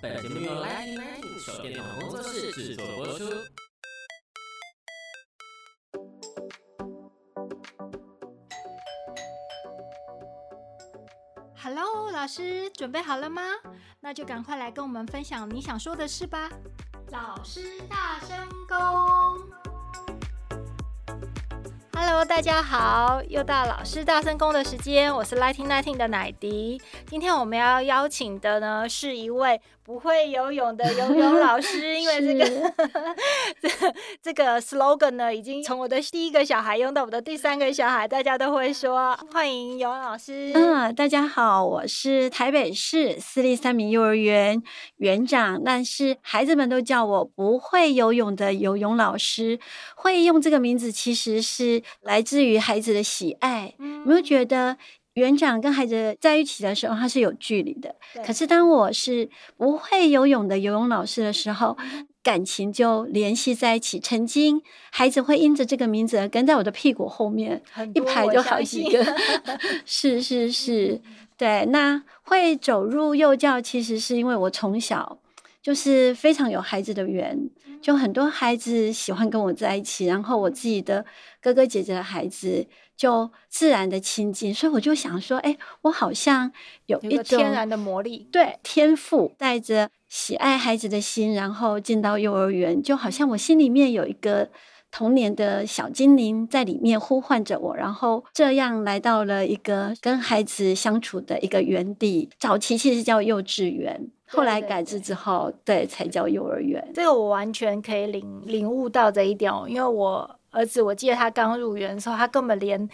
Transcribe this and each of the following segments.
本節目由 Lightning 手電筒工作室製作播出。Hello，老師，準備好了嗎？那就趕快來跟我們分享你想說的事吧。 老師大，大聲公。Hello，大家好，又到老師大聲公的時間，我是 nineteen nineteen 的奶迪。今天我們要邀請的呢，是一位。不會游泳的游泳老師，因為這個這 是 這個 slogan 呢，已經從我的第一個小孩用到我的第三個小孩，大家都會說歡迎游泳老師。嗯、呃，大家好，我是台北市私立三民幼兒園園、園長，但是孩子們都叫我不會游泳的游泳老師。會用這個名字，其實是來自於孩子的喜愛。有沒有覺得？園長跟孩子在一起的時候，他是有距離的。對可是當我是不會游泳的游泳老師的時候，嗯、感情就聯繫在一起。曾經，孩子會因着這個名字跟在我的屁股後面，多一排就好幾個。相 是是是，對。那會走入幼教，其實是因為我從小就是非常有孩子的緣，就很多孩子喜歡跟我在一起。然後我自己的哥哥姐姐的孩子。就自然的親近，所以我就想說，哎、欸，我好像有一種，有個天然的魔力，對，天賦，帶着喜愛孩子的心，然後進到幼兒園，就好像我心裡面有一個童年的小精靈在裡面呼喚着我，然後這樣來到了一個跟孩子相處的一個園地。早期其實叫幼稚園，對對對，後來改制之後，對，才叫幼兒園。這個我完全可以領、嗯、領悟到這一點哦，因為我。兒子，我記得他剛入園的時候，他根本連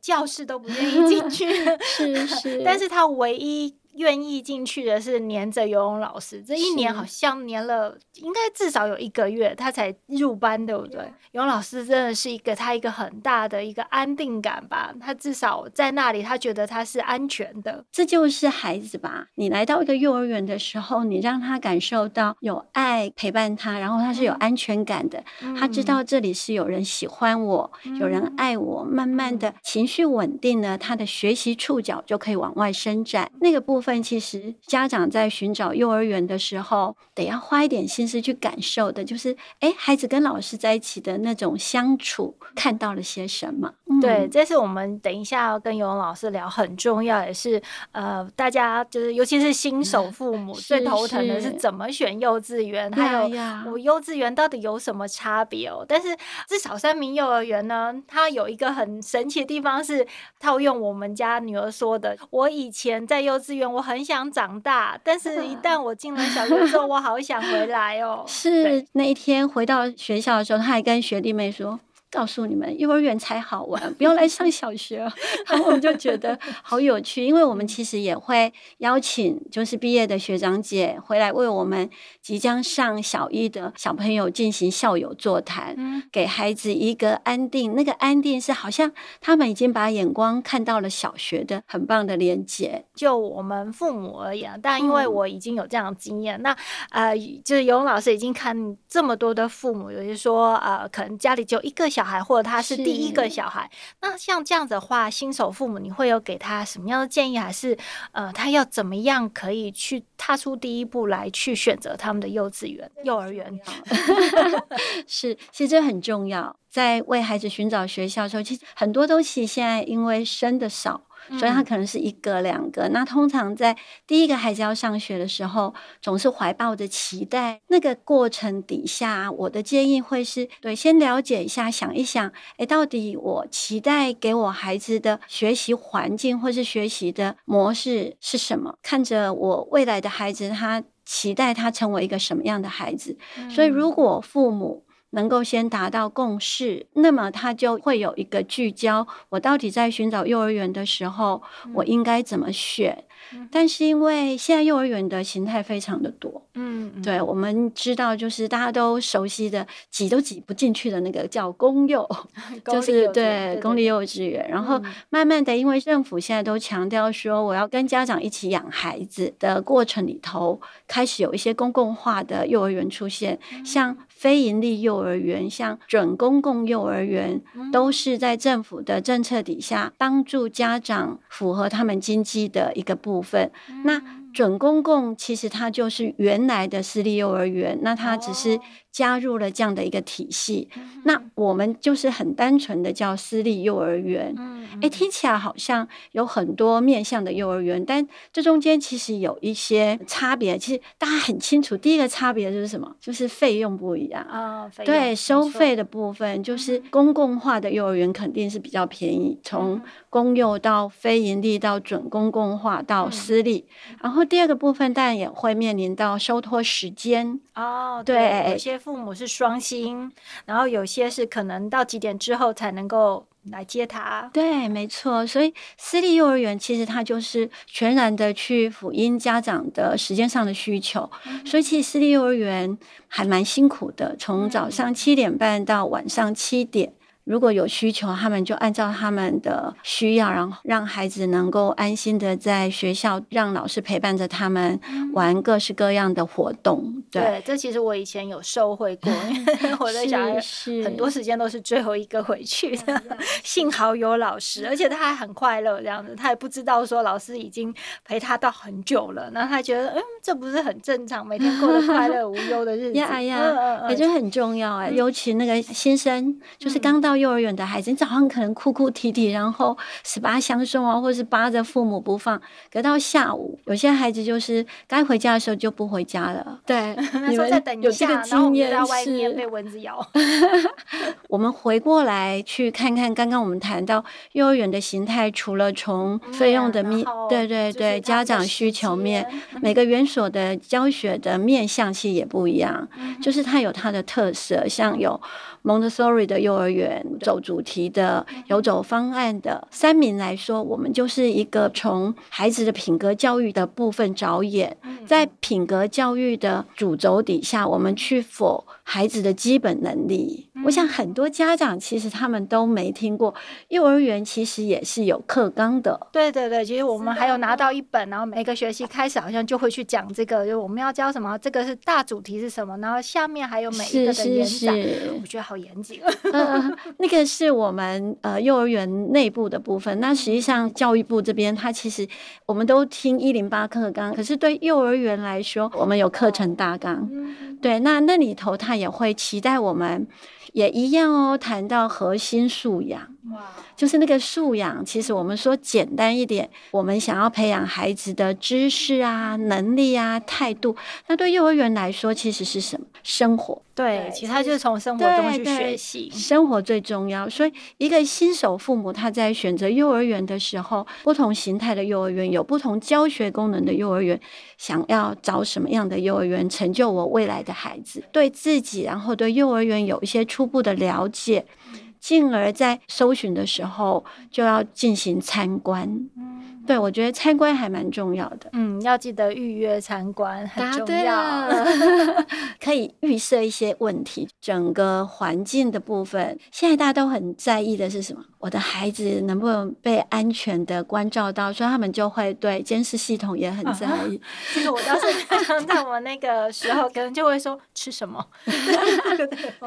教室都不願意進去， 是是，但是他唯一。願意進去的是黏着玉燕老師，這一年好像黏了，應該至少有一個月，他才入班，對不對？是啊，玉燕老師真的是一個他一個很大的一個安定感吧，他至少在那裡，他覺得他是安全的。這就是孩子吧，你來到一個幼兒園的時候，你讓他感受到有愛陪伴他，然後他是有安全感的，嗯、他知道這裡是有人喜歡我，嗯、有人愛我，慢慢的情緒穩定了，他的學習觸角就可以往外伸展，那個部分。其實家長在尋找幼兒園的時候，得要花一點心思去感受的，就是哎，孩子跟老師在一起的那種相處，看到了些什麼？嗯、對，這是我們等一下要跟游老師聊很重要，也是呃，大家就是尤其是新手父母、嗯、最頭疼的是怎麼選幼稚園，還有、哎、呀我幼稚園到底有什麼差別哦？但是至少三民幼兒園呢，它有一個很神奇的地方，是套用我們家女兒說的，我以前在幼稚園。我很想長大，但是一旦我進了小學之後， 我好想回來哦。對。是那一天回到學校的時候，他還跟學弟妹說。告訴你們，幼兒園才好玩，不要來上小學。啊、 然後我們就覺得好有趣， 因為我們其實也會邀請就是畢業的學長姐回來，為我們即將上小一的小朋友進行校友座談，嗯、給孩子一個安定。那個安定是好像他們已經把眼光看到了小學的很棒的連接。就我們父母而言，但因為我已經有這樣的經驗，嗯、那呃，就是游老師已經看這麼多的父母，有些說呃，可能家裡就一個。小孩或者他是第一個小孩，是那像這樣子的話，新手父母你會有給他什麼樣的建議，還是呃，他要怎麼樣可以去踏出第一步來去選擇他們的幼稚園、幼兒園？ 是，其實這很重要，在為孩子尋找學校的時候，其實很多東西現在因為生得少。所以他可能是一個兩個，嗯。那通常在第一個孩子要上學的時候，總是懷抱着期待。那個過程底下，我的建議會是：對，先了解一下，想一想，哎、欸，到底我期待給我孩子的學習環境或是學習的模式是什麼？看着我未來的孩子，他期待他成為一個什麼樣的孩子？嗯。所以，如果父母，能夠先達到共識，那麼它就會有一個聚焦。我到底在尋找幼兒園的時候，嗯、我應該怎麼選？但是因為現在幼兒園的形態非常的多，嗯，對，嗯、我們知道就是大家都熟悉的擠都擠不進去的那個叫公幼，就是對公立幼稚園，就是。然後慢慢的，因為政府現在都強調說我要跟家長一起養孩子的過程裡頭，開始有一些公共化的幼兒園出現，嗯、像非營利幼兒園、像準公共幼兒園，嗯、都是在政府的政策底下幫助家長符合他們經濟的一個。部分，嗯、那准公共其實它就是原來的私立幼兒園，那它只是，加入了這樣的一個體系，mm hmm. 那我們就是很單純的叫私立幼兒園。嗯、mm，哎、hmm.，聽起來好像有很多面向的幼兒園，但這中間其實有一些差別。其實大家很清楚，第一個差別就是什麼？就是費用不一樣哦。Oh, 對，沒錯。收費的部分就是公共化的幼兒園肯定是比較便宜，mm hmm. 從公幼到非營利到準公共化到私立。Mm hmm. 然後第二個部分當然也會面臨到收托時間。哦，oh, 對，有父母是雙薪，然後有些是可能到幾點之後才能夠來接他。對，沒錯。所以私立幼兒園其實他就是全然的去輔音家長的時間上的需求，嗯，所以其實私立幼兒園還蠻辛苦的，從早上七點半到晚上七點。嗯如果有需求，他們就按照他們的需要，然後讓孩子能夠安心的在學校，讓老師陪伴着他們玩各式各樣的活動。對，對，這其實我以前有受惠過， 我的小孩很多時間都是最後一個回去的，是是 幸好有老師，而且他還很快樂，這樣子他也不知道說老師已經陪他到很久了，那他覺得嗯，這不是很正常？每天過得快樂 無憂的日子呀呀，我覺得很重要哎、欸，嗯、尤其那個新生，就是剛到。幼兒園的孩子，你早上可能哭哭啼啼，然後十八相送啊，或者是扒着父母不放。可到下午，有些孩子就是該回家的時候就不回家了。嗯、對，那時在再等一下，你有經驗然後也在外面被蚊子咬。是 我們回過來去看看，剛剛我們談到幼兒園的形態，除了從費用的面，對對、嗯、對，家長需求面，每個園所的教學的面向其實也不一樣，嗯、就是它有它的特色，嗯、像有蒙特 r y 的幼兒園。走主題的，對游走方案的。三民來說，我們就是一個從孩子的品格教育的部分着眼，嗯、在品格教育的主軸底下，我們去否。孩子的基本能力，嗯、我想很多家長其實他們都沒聽過。幼兒園其實也是有課綱的，對對對，其實我們還有拿到一本，然後每個學期開始好像就會去講這個，就我們要教什麼，這個是大主題是什麼，然後下面還有每一個的延展，是是是，我覺得好嚴謹、 呃。那個是我們呃幼兒園內部的部分。那實際上教育部這邊，他其實我們都聽一零八課綱，可是對幼兒園來說，我們有課程大綱，嗯、對，那那裡頭他也會期待我們也一樣哦。談到核心素養。Wow. 就是那個素養，其實我們說簡單一點，我們想要培養孩子的知識啊、能力啊、態度。那對幼兒園來說，其實是什麼？生活。對，對，其實他就是從生活中對去學習，生活最重要。所以，一個新手父母他在選擇幼兒園的時候，不同形態的幼兒園，有不同教學功能的幼兒園，想要找什麼樣的幼兒園，成就我未來的孩子，對自己，然後對幼兒園有一些初步的了解。嗯進而，在搜尋的時候就要進行參觀。嗯，對，我覺得參觀還蠻重要的。嗯，要記得預約參觀，很重要。對 可以預設一些問題，整個環境的部分，現在大家都很在意的是什麼？我的孩子能不能被安全的關照到？所以他們就會對監視系統也很在意。這個我當時，在我們那個時候，可能就會說吃什麼，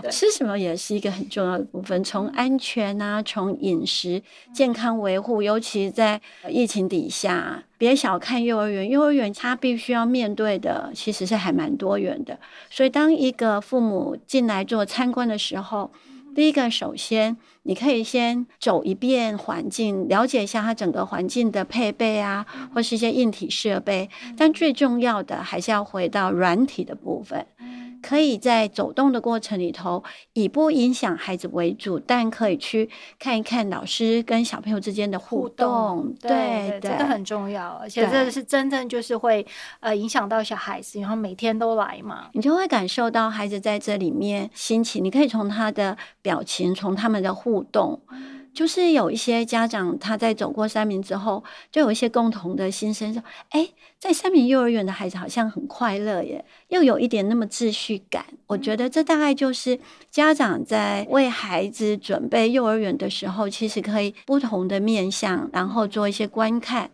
吃什麼也是一個很重要的部分。從安全啊，從飲食健康維護，尤其在疫情底下，別小看幼兒園，幼兒園他必須要面對的其實是還蠻多元的。所以當一個父母進來做參觀的時候，第一個，首先你可以先走一遍環境，了解一下它整個環境的配備啊，或是一些硬體設備。但最重要的還是要回到軟體的部分。可以在走動的過程裡頭，以不影響孩子為主，但可以去看一看老師跟小朋友之間的互動。對動對，這個對很重要，對而且這是真正就是會呃影響到小孩子，然後每天都來嘛，你就會感受到孩子在這裡面心情，你可以從他的表情，從他們的互動。就是有一些家長，他在走過三民之後，就有一些共同的心聲說：“誒、欸，在三民幼兒園的孩子好像很快樂耶，又有一點那麼秩序感。”我覺得這大概就是家長在為孩子準備幼兒園的時候，其實可以不同的面向，然後做一些觀看。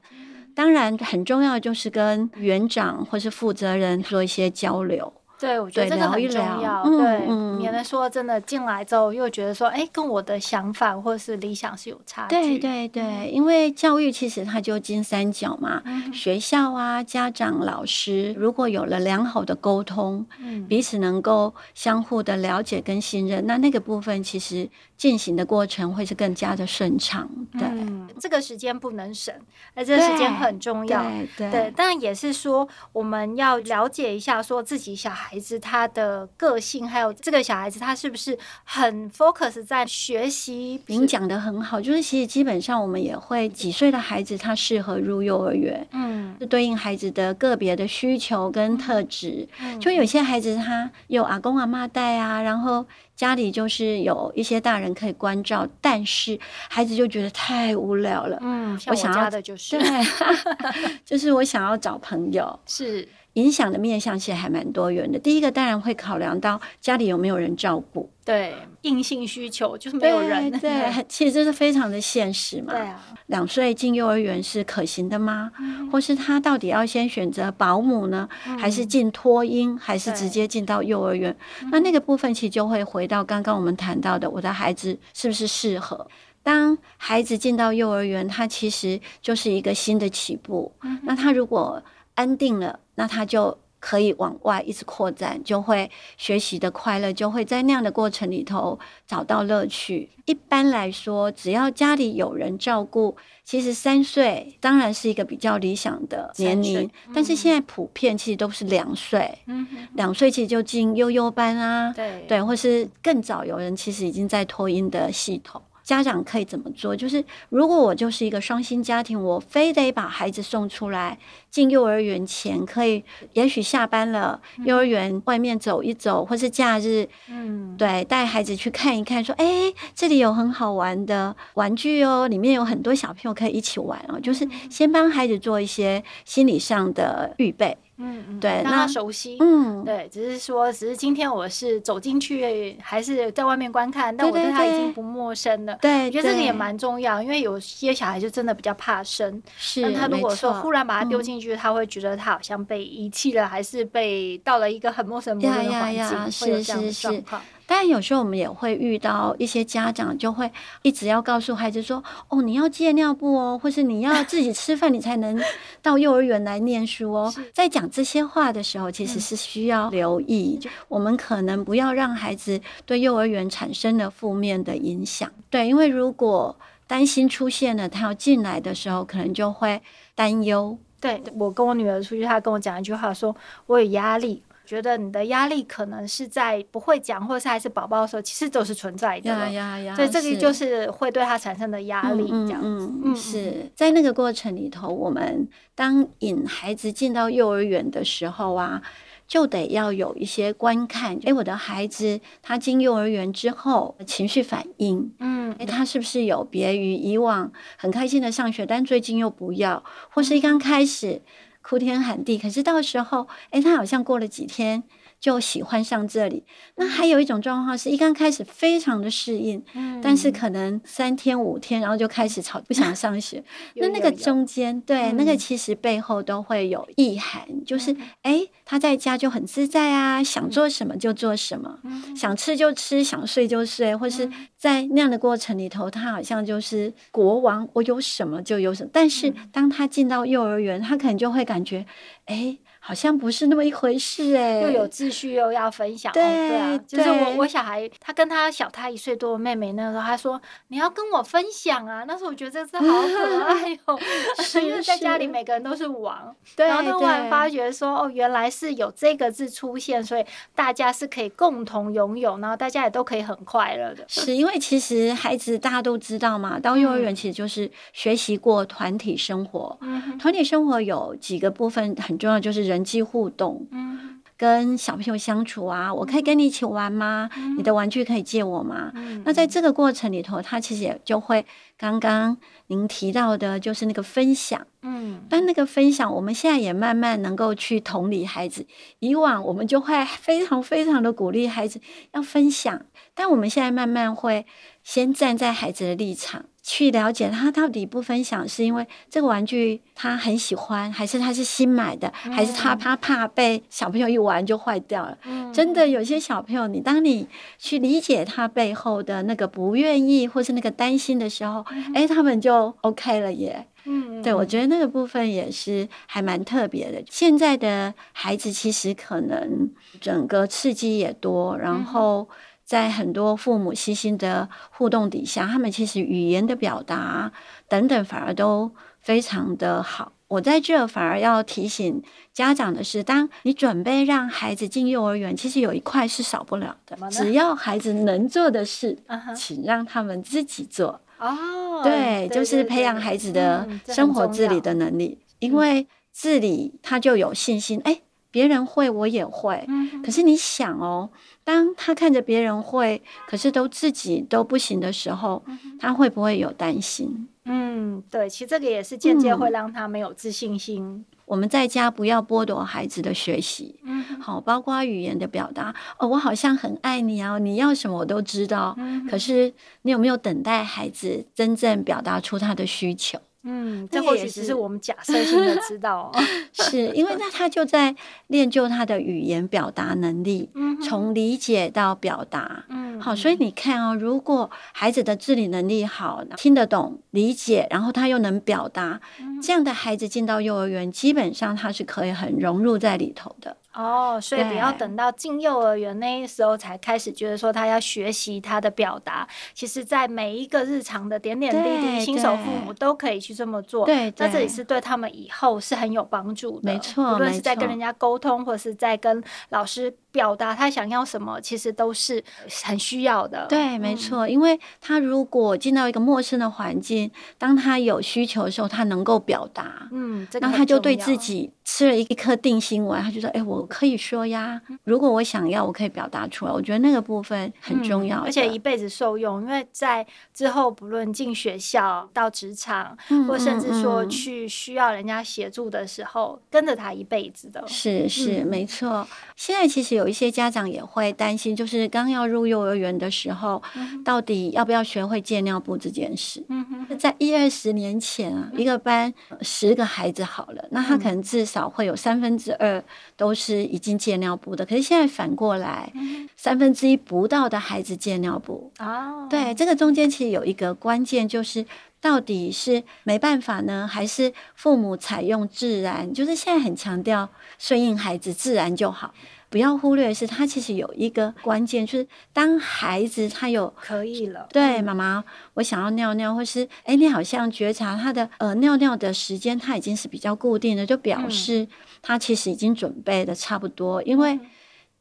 當然，很重要的就是跟園長或是負責人做一些交流。對，我覺得這個好重要，對，嗯、對，免得說真的進來之後又覺得說，哎、欸，跟我的想法或是理想是有差距。對對對，嗯、因為教育，其實它就金三角嘛，嗯、學校啊、家長、老師，如果有了良好的溝通，嗯、彼此能夠相互的了解跟信任，那那個部分其實進行的過程會是更加的順暢。對，嗯、這個時間不能省，那這個時間很重要。對，對，對，對，但也是說我們要了解一下說自己小孩。孩子他的個性，還有這個小孩子，他是不是很 focus 在學習？您講得很好，就是其實基本上我們也會幾歲的孩子他適合入幼兒園，嗯，就對應孩子的個別的需求跟特質。嗯嗯、就有些孩子他有阿公阿媽帶啊，然後家裡就是有一些大人可以關照，但是孩子就覺得太無聊了。嗯、就是，我想要的就是對， 就是我想要找朋友是。影響的面向其實還蠻多元的。第一個當然會考量到家裡有沒有人照顧，對硬性需求就是沒有人對。對，其實這是非常的現實嘛。對啊。兩歲進幼兒園是可行的嗎？嗯、或是他到底要先選擇保姆呢，嗯、還是進托嬰，還是直接進到幼兒園？對那那個部分其實就會回到剛剛我們談到的，我的孩子是不是適合？嗯、哼當孩子進到幼兒園，他其實就是一個新的起步。嗯、哼那他如果。安定了，那他就可以往外一直擴展，就會學習的快樂就會在那樣的過程裡頭找到樂趣。一般來說，只要家裡有人照顧，其實三歲當然是一個比較理想的年齡，嗯、但是現在普遍其實都是兩歲，嗯、哼兩歲其實就進幼幼班啊，對，對，或是更早有人其實已經在托嬰的系統。家長可以怎麼做？就是如果我就是一個雙薪家庭，我非得把孩子送出來進幼兒園前，可以也許下班了，幼兒園外面走一走，或是假日，嗯，對，帶孩子去看一看，說，誒，這裡有很好玩的玩具哦，裡面有很多小朋友可以一起玩哦，就是先幫孩子做一些心理上的預備。嗯嗯，對，讓他熟悉。嗯，對，只是說，只是今天我是走進去，還是在外面觀看，對對對，但我對他已經不陌生了。對，對，對，我覺得這個也蠻重要，對對對，因為有些小孩就真的比較怕生。是，那他如果說沒錯，忽然把他丟進去，嗯、他會覺得他好像被遺棄了，還是被到了一個很陌生陌生的環境，會有這樣的狀況。是是是是當然，有時候我們也會遇到一些家長，就會一直要告訴孩子說：“哦，你要戒尿布哦，或是你要自己吃飯， 你才能到幼兒園來念書哦。是”在講這些話的時候，其實是需要留意，嗯、我們可能不要讓孩子對幼兒園產生了負面的影響。對，因為如果擔心出現了，他要進來的時候，可能就會擔憂。對我跟我女兒出去，她跟我講一句話說，說我有壓力。覺得你的壓力可能是在不會講，或者是還是寶寶的時候，其實都是存在的。對，yeah, yeah , yeah, 這個就是會對他產生的壓力。這樣子是在那個過程裡頭，我們當引孩子進到幼兒園的時候啊，就得要有一些觀看。哎、欸，我的孩子他進幼兒園之後情緒反應，嗯，哎、欸，他是不是有別於以往很開心的上學？但最近又不要，或是剛開始。嗯哭天喊地，可是到時候，哎、欸，他好像過了幾天，就喜歡上這裡。那還有一種狀況是，一剛開始非常的適應，嗯、但是可能三天五天，然後就開始吵，不想上學。 有那那個中間，對，那個其實背後都會有意涵，嗯、就是哎、欸，他在家就很自在啊，嗯、想做什麼就做什麼，嗯、想吃就吃，想睡就睡，或是在那樣的過程裡頭，他好像就是國王，我有什麼就有什麼。但是當他進到幼兒園，他可能就會感覺，哎、欸。好像不是那麼一回事，哎、欸，又有秩序又要分享， 對，哦、對啊，就是我對我小孩他跟他小他一歲多的妹妹，那個時候他說，你要跟我分享啊，那時候我覺得這好可愛哦、喔。 是因是為 在家裡每個人都是王，對對然後突然發覺說對哦，原來是有這個字出現，所以大家是可以共同擁有，然後大家也都可以很快樂的。 是因為其實孩子大家都知道嘛，當幼兒園其實就是學習過團體生活，團、嗯、體生活有幾個部分很重要，就是人。人際互動，跟小朋友相處啊，嗯，我可以跟你一起玩嗎？嗯，你的玩具可以借我嗎？嗯，那在這個過程裡頭，他其實也就會剛剛您提到的，就是那個分享，嗯，但那個分享，我們現在也慢慢能夠去同理孩子。以往我們就會非常非常的鼓勵孩子要分享，但我們現在慢慢會先站在孩子的立場。去了解他到底不分享，是因為這個玩具他很喜歡，還是他是新買的，嗯嗯還是他怕怕被小朋友一玩就壞掉了？嗯、真的，有些小朋友，你當你去理解他背後的那個不願意，或是那個擔心的時候，哎、嗯嗯欸，他們就 OK 了耶。嗯嗯對我覺得那個部分也是還蠻特別的。現在的孩子其實可能整個刺激也多，然後嗯嗯。在很多父母細心的互動底下，他們其實語言的表達等等反而都非常的好。我在這反而要提醒家長的是，當你準備讓孩子進幼兒園，其實有一塊是少不了的，只要孩子能做的事，請、uh huh. 讓他們自己做。哦，oh, 對，就是培養孩子的生活自理的能力，對對對對嗯、因為自理他就有信心。哎、嗯。誒別人會，我也會。嗯、哼可是你想哦、喔，當他看着別人會，可是都自己都不行的時候，嗯、哼他會不會有擔心？嗯，對，其實這個也是間接會讓他沒有自信心。嗯、我們在家不要剝奪孩子的學習，嗯、哼好，包括語言的表達。哦，我好像很愛你哦、啊，你要什麼我都知道。嗯、哼可是你有沒有等待孩子真正表達出他的需求？嗯，嗯，這或許只是我們假設性的知道、哦，也是， 是 因為那他就在練就他的語言表達能力，從 理解到表達。嗯哼，好，所以你看哦，如果孩子的自理能力好，聽得懂、理解，然後他又能表達，嗯、哼這樣的孩子進到幼兒園，基本上他是可以很融入在裡頭的。哦，所以你要等到進幼兒園那時候才開始覺得說他要學習他的表達。對其實，在每一個日常的點點滴滴，新手父母都可以去這麼做。對，那這也是對他們以後是很有幫助的。沒錯，無論是在跟人家溝通，錯或者是在跟老師。表達他想要什麼，其實都是很需要的、嗯。對，沒錯，因為他如果進到一個陌生的環境，當他有需求的時候，他能夠表達，嗯，這個、然後他就對自己吃了一顆定心丸。他就說：“哎、欸，我可以說呀，如果我想要，我可以表達出來。”我覺得那個部分很重要、嗯，而且一輩子受用，因為在之後不論進學校、到職場，嗯、或甚至說去需要人家協助的時候，嗯嗯、跟着他一輩子的。是是，沒錯。嗯、現在其實有。有一些家長也會擔心，就是剛要入幼兒園的時候，嗯、到底要不要學會戒尿布這件事？嗯嗯、在一二十年前啊，嗯、一個班十個孩子好了，嗯、那他可能至少會有三分之二都是已經戒尿布的。可是現在反過來，嗯、三分之一不到的孩子戒尿布、哦、對，這個中間其實有一個關鍵，就是到底是沒辦法呢，還是父母採用自然？就是現在很強調順應孩子自然就好。不要忽略是，是他其實有一個關鍵，就是當孩子他有可以了，對媽媽、嗯，我想要尿尿，或是誒、欸，你好像覺察他的呃尿尿的時間，他已經是比較固定的，就表示他其實已經準備的差不多。嗯、因為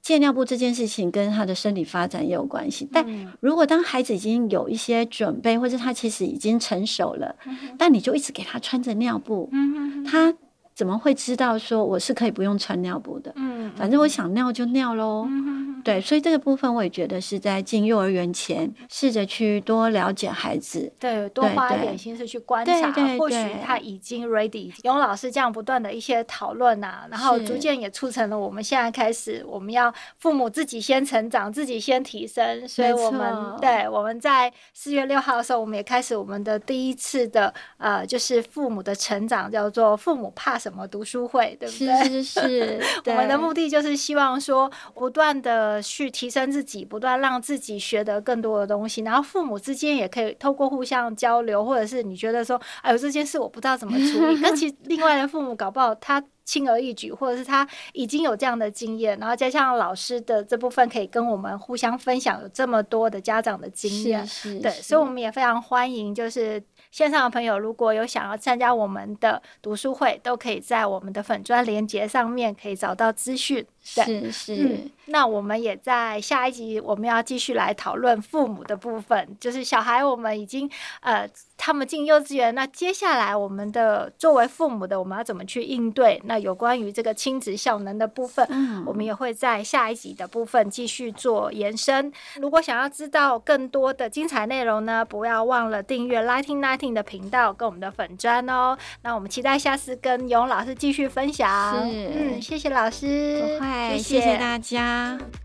戒尿布這件事情跟他的身體發展也有關係。嗯、但如果當孩子已經有一些準備，或者他其實已經成熟了，嗯、哼但你就一直給他穿着尿布，嗯、哼哼他，怎麼會知道說我是可以不用穿尿布的？嗯，反正我想尿就尿嘍。嗯對，所以這個部分我也覺得是在進幼兒園前，試着去多了解孩子，對，多花一點心思去觀察，對對對對，或許他已經 ready。游老師這樣不斷的一些討論啊，是然後逐漸也促成了我們現在開始，我們要父母自己先成長，自己先提升。所以我們，錯對，我們在四月六號的時候，我們也開始我們的第一次的呃，就是父母的成長，叫做“父母怕什麼”讀書會，對不對？是，是，是。對 我們的目的就是希望說，不斷的。去提升自己，不斷讓自己學得更多的東西。然後父母之間也可以透過互相交流，或者是你覺得說，哎呦這件事我不知道怎麼處理，那 其另外的父母搞不好他輕而易舉，或者是他已經有這樣的經驗。然後加上老師的這部分，可以跟我們互相分享有這麼多的家長的經驗。是是是是，對，所以我們也非常歡迎，就是線上的朋友如果有想要參加我們的讀書會，都可以在我們的粉專連接上面可以找到資訊。對是是，嗯，那我們也在下一集，我們要繼續來討論父母的部分，就是小孩我們已經呃，他們進幼稚園，那接下來我們的作為父母的，我們要怎麼去應對？那有關於這個親子效能的部分，是我們也會在下一集的部分繼續做延伸。如果想要知道更多的精彩內容呢，不要忘了訂閱 Nineteen Nineteen 的頻道跟我們的粉專哦。那我們期待下次跟游老師繼續分享。是嗯，謝謝老師。謝謝，謝謝大家。